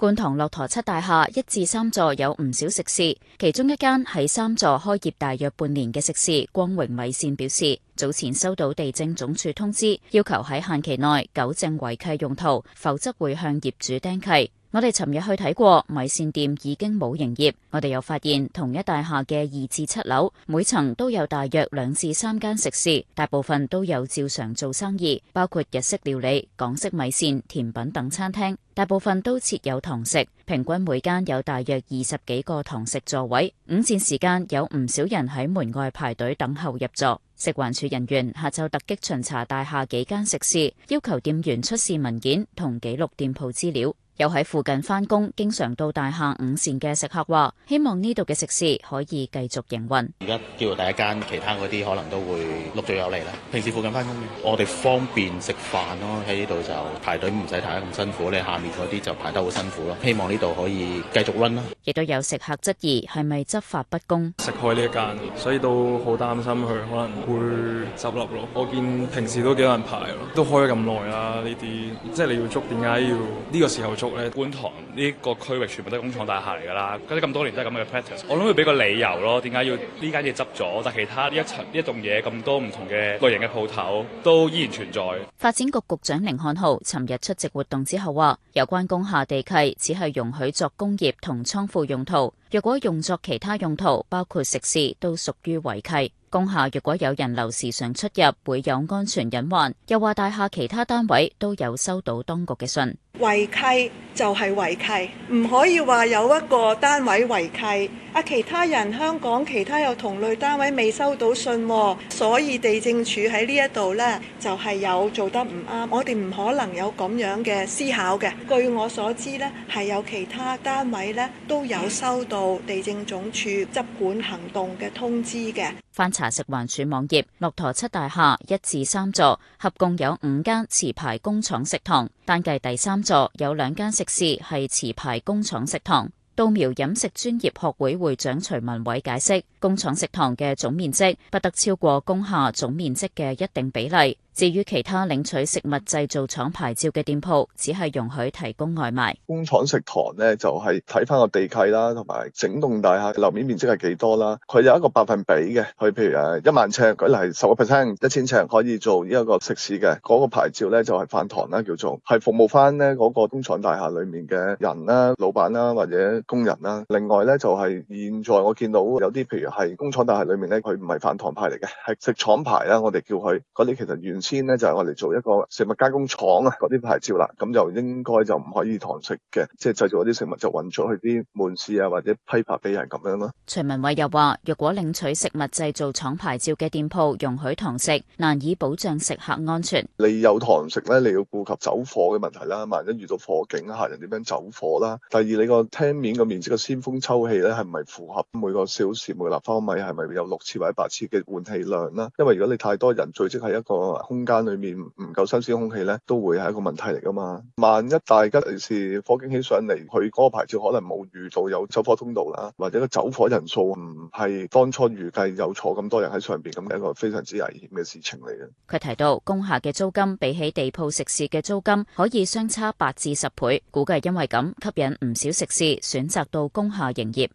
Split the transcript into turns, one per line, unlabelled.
觀塘駱駝漆大廈一至三座有唔少食肆，其中一間喺三座開業大約半年嘅食肆光榮米線表示，早前收到地政總署通知，要求喺限期內糾正違契用途，否則會向業主釘契。我哋尋日去睇過米線店，已經冇營業。我哋又發現同一大廈嘅二至七樓，每層都有大約兩至三間食肆，大部分都有照常做生意，包括日式料理、港式米線、甜品等餐廳。大部分都設有堂食，平均每間有大約二十幾個堂食座位。午膳時間有唔少人喺門外排隊等候入座。食環署人員下晝突擊巡查大廈幾間食肆，要求店員出示文件同記錄店鋪資料。有喺附近翻工，經常到大廈午膳嘅食客話：希望呢度嘅食肆可以繼續營運。
而家叫做第一間，其他嗰啲可能都會陸續有嚟啦。平時附近翻工，嘅，我哋方便食飯咯，啊，喺呢度就排隊唔使排得咁辛苦，你下面嗰啲就排得好辛苦咯，啊。希望呢度可以繼續温啦，啊。
亦都有食客質疑係咪執法不公？
食開呢一間，所以都好擔心佢可能會執笠咯。我見平時都幾多人排咯，都開咗咁耐啦。呢啲即係你要捉，點解要呢個時候捉？我哋觀塘呢個區域全部都係工廠大廈嚟㗎啦，跟住咁多年都係咁嘅 practice，我諗佢俾個理由咯，點解要呢間嘢執咗？但其他一層一棟嘢咁多唔同嘅類型嘅鋪頭都依然存
在。發展局局長甯漢豪尋日出席活動之後話，有關工廈地契只係容許作工業同倉庫用途，若果用作其他用途，包括食肆，都屬於違契。工廈如果有人流時常出入會有安全隱患，又話大廈其他單位都有收到當局嘅信，違契就係違契，唔可以話有一個單位違契啊，其他人香港其他有同類單位未收到信，所以地政署喺呢一度呢，就係有做得唔啱，我哋唔可能有咁樣嘅思考嘅。據我所知呢，係有其他單位呢都有收到地政總署執管行動嘅通知嘅。嗯查食環署網頁，駱駝漆大廈一至三座合共有五間持牌工廠食堂，單計第三座有兩間食肆係持牌工廠食堂。稻苗飲食專業學會會長徐文偉解釋，工廠食堂嘅總面積不得超過工廈總面積嘅一定比例。至於其他領取食物製造廠牌照嘅店鋪，只係容許提供外賣。工
廠食堂咧就係睇翻個地契啦，同埋整棟大廈樓面面積係幾多啦。佢有一個百分比嘅，佢譬如誒一萬尺，舉例十個 percent，一千尺可以做呢一個食肆嘅。嗰個牌照咧就係飯堂啦，叫做係服務翻呢嗰個工廠大廈裏面嘅人啦、老闆啦或者工人啦。另外咧就係現在我見到有啲，譬如係工廠大廈裏面咧，佢唔係飯堂牌嚟嘅，係食廠牌啦，我哋叫佢嗰啲，其實完全。先呢，就係我哋做一個食物加工廠啊嗰啲牌照啦，咁就應該就唔可以堂食嘅，即係製造嗰啲食物就運出去啲門市啊或者批發俾人咁樣咯。
徐文偉又話：若果領取食物製造廠牌照嘅店鋪容許堂食，難以保障食客安全。
你有堂食咧，你要顧及走火嘅問題啦，萬一遇到火警，客人點樣走火啦？第二，你個廳面個面積嘅先風抽氣咧，係咪符合每個小時每立方米係咪有六次或者八次嘅換氣量啦？因為如果你太多人聚集，係一個。空間裏面唔夠新鮮空氣咧，都會係一個問題嚟噶嘛。萬一大吉利是火警起上嚟，佢嗰個牌照可能冇預到有走火通道啦，或者個走火人數唔係當初預計有坐咁多人喺上邊，咁嘅一個非常之危險嘅事情嚟嘅。
佢提到，工廈嘅租金比起地鋪食肆嘅租金可以相差八至十倍，估計係因為咁吸引唔少食肆選擇到工廈營業。